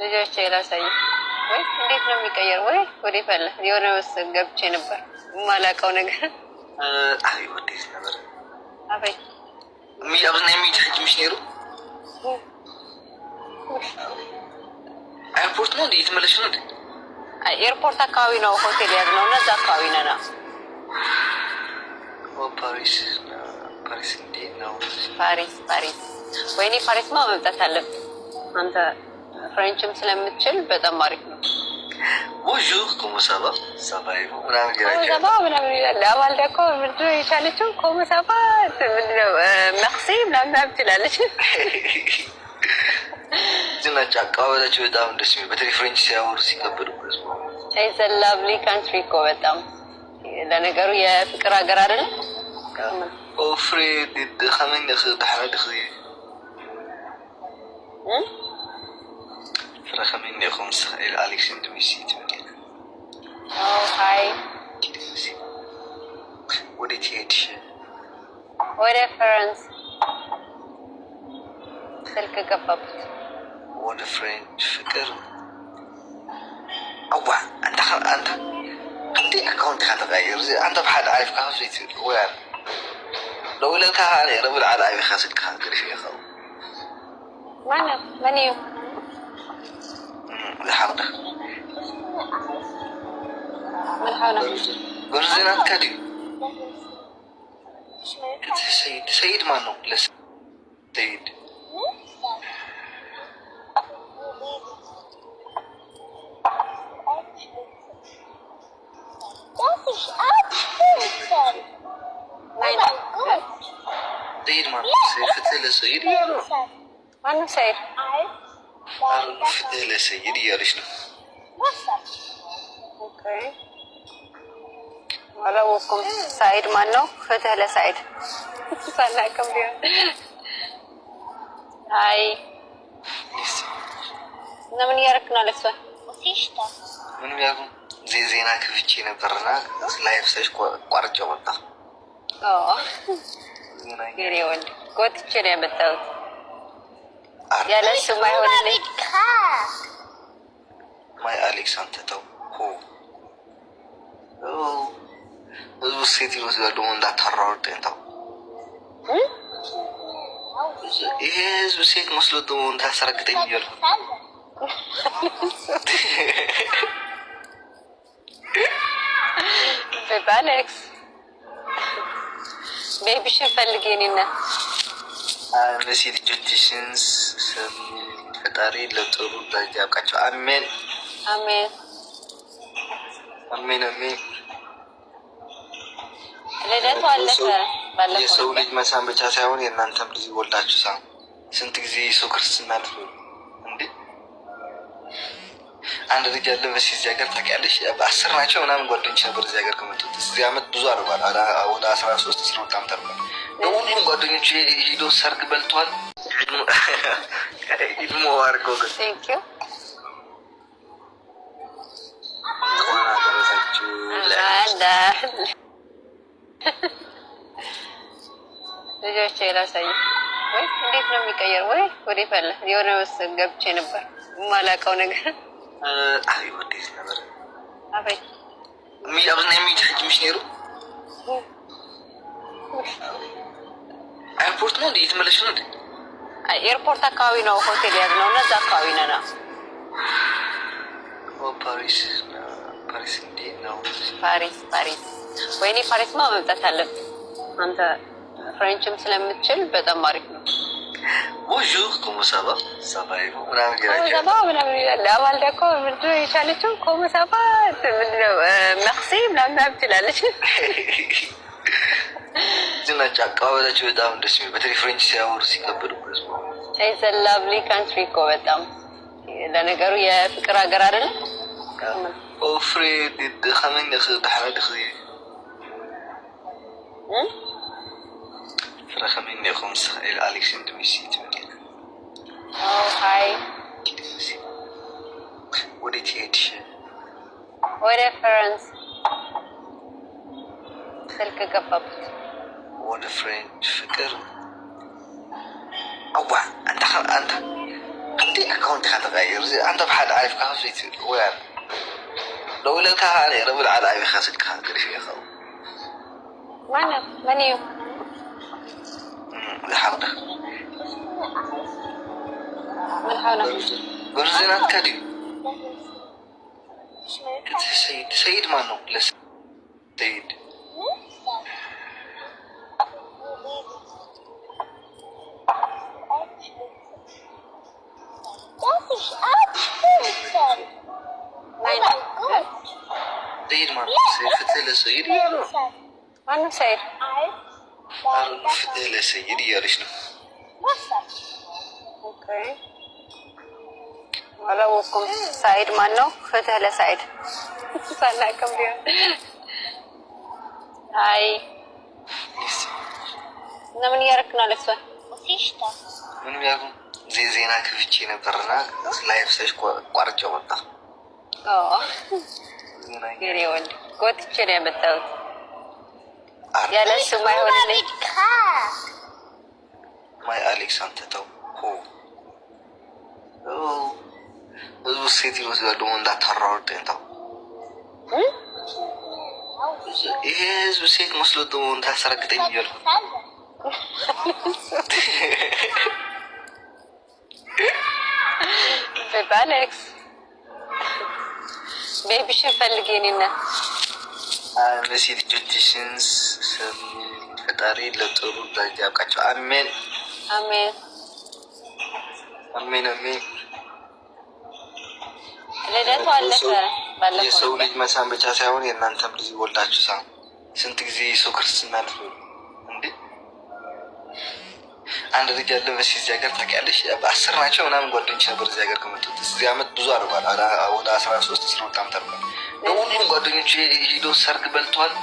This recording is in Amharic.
ልጆቼ ላሳይ ወይ እንዴት ነው የሚቀየር? ወይ ወደ ፈለ የሆነ ውስጥ ገብቼ ነበር የማላውቀው ነገር ነበር ነው እንዴ? የተመለሽ ነው እንዴ? ኤርፖርት አካባቢ ነው ሆቴል ያዝነው እና እዛ አካባቢ ነና ፓሪስ ፓሪስ እንዴት ነው? ፓሪስ ፓሪስ ወይኔ ፓሪስማ መምጣት አለብን። አንተ ፍሬንችም ስለምትችል በጣም አሪፍ ነው። ቦንጆር ኮሞ ሳባ ምናምንሳባ ምናምን ይላል። አባል ደኮ ምንድን ነው የቻለችው? ሳባ ምንድን ነው መርሲ ምናምን ትላለች። ናቸው። አቀባበላቸው በጣም ደስ የሚል በተለይ ፍሬንች ሲያወሩ ሲቀበሉ ላቭሊ ካንትሪ እኮ በጣም ለነገሩ የፍቅር ሀገር አይደለም። ኦፍሬ ከመን ዳሕራ ድክ ፍረ ከመን ኢኹም ስክእል ኣሌክስ ንድ ሜሲ ትብል ሃይ ወዴት ይሄድሽ? ወደ ፈረንስ ስልክ ገባበት وأنا فريند فكر أوا أنت خل... أنت عندي أكونت خاتغير أنت بحال عارف كافريت وين لو إلا الكهاري رب العالمين خاسد كهاري في خو مانا مانيو لحظة من حولك برزينات كدي سيد سيد مانو لسيد finish up person. Oh ፍትህ ለሰይድ ነው። ማነው ሰይድ? አይ ፍትህ ለሰይድ እያለች ነው። ኦኬ አላወኩም። ሳይድ ማን ነው? ፍትህ ለሳይድ ሳላውቅም ቢሆን አይ እና ምን እያደረክ ነው? አለክሷል ምን ያርጉ ዜና ክፍቼ ነበርና ላይፍ ሰች ቋርጬ ወጣ። ወንድ ጎትቼ ነው ያመጣሁት። ያለሱማ አይሆንልኝ። ማይ አሌክስ አንተ ተው እኮ ህዝቡ ሴት ይመስላል። ደግሞ እንዳታራወርደኝ ተው። ይሄ ህዝብ ሴት መስሎት ደግሞ እንዳያሰረግጠኝ እያልኩት ቤቢ አሌክስ ቤቢሽን ፈልግ የኔና ለሴት ልጆችሽን ፈጣሪ ለጥሩ ደረጃ ያብቃቸው። አሜን አሜን አሜን አሜን። ልደቱ አለፈ። የሰው ልጅ መሳም ብቻ ሳይሆን የእናንተም ልጅ ወልዳችሁ ሳም። ስንት ጊዜ የሰው ክርስትና ልትሆኑ አንድ ልጅ ያለ መሲ እዚህ ሀገር ታውቂያለሽ፣ በአስር ናቸው ምናምን ጓደኞች ነበር እዚህ ሀገር ከመጡት። እዚህ አመት ብዙ አርጓል፣ ወደ አስራ ሶስት አስራ ሁለት ዓመት አርጓል። ሁሉም ጓደኞች ሂዶ ሰርግ በልተዋል። ኢድሞ አርገው ልጆች ላሳይ ወይ እንዴት ነው የሚቀየር ወይ ወደ ፈለ የሆነ ውስጥ ገብቼ ነበር የማላውቀው ነገር ጣቢው እንዴት ነበር? የሚጃጅምሽ ኤርፖርት ነው እንዴ? የተመለሽ ነው እንዴ? ኤርፖርት አካባቢ ነው ሆቴል አካባቢ ነና ፓሪስ ፓሪስ እንዴት ነው? ፓሪስ ፓሪስ ወይኔ ፓሪስማ መምጣት አንተ ፍሬንችም ስለምትችል በጣም አሪፍ ነው። ቦንዡር ኮሞሳባ ሳባ አቀባበላቸው በጣም ደስ የሚል በተለይ ፍሬንች ሲያወሩ ሲቀበሉ ላቭሊ ካንትሪ እኮ በጣም ለነገሩ የፍቅር ሀገር አይደለም። ኦፍሬ ከመን ድሓራ ድኽ رقم إني خمسة إلى ألكسندر ميسي تبقى أو هاي What did you do? What reference? سلك قببت What a friend فكر أوا أنت خل أنت عندي أكونت خل تغير أنت بحد عارف كيف زيت وين لو لك هاني رب العالمين خاسك خاسك فيها خو من من يوم ርዝናት ከድዩ ሰይድ ሰይድ ማን ነው? ለሰይድ ሰይድ ማን ነው? ሰይድ ፍትህ ለሰይድ ማን ነው? ሰይድ ፍትህ ለሰይድ እያለች ነው። አላወኩም። ሳይድ ማን ነው? ፍትህ ለሳይድ ሳላቅም ቢሆን አይ እና ምን ነው? አለክሷል ምን ያሉ ዜና ክፍቼ ነበርና ላይፍ ሰች ወንድ ጎትቼ ነው የመጣሁት ያለሱ ማይሆንልኝ ማይ አሌክስ አንተ ተው ብዙ ሴት ይመስላል ደግሞ እንዳታራወርጠኝ ተው። ይሄ ህዝብ ሴት መስሎ ደግሞ እንዳያስረግጠኝ እያልኩ አሌክስ ቤቢሽን ፈልጌ እኔ እና መሲ ልጆችሽን ፈጣሪ ለጥሩ ደረጃ ያብቃቸው። አሜን አሜን አሜን አሜን። ልደቱ አለፈ። የሰው ልጅ መሳም ብቻ ሳይሆን የእናንተም ልጅ ወልዳችሁ ሳም ስንት ጊዜ የሰው ክርስትና ልፍ አንድ ልጅ ያለ በስ እዚህ ሀገር ታውቂያለሽ፣ በአስር ናቸው ምናምን ጓደኞች ነበር እዚህ ሀገር ከመጡት። እዚህ ዓመት ብዙ አርጓል። ወደ አስራ ሶስት አስራ ሁለት ዓመት አድርጓል። ሁሉም ጓደኞች ሄዶ ሰርግ በልተዋል።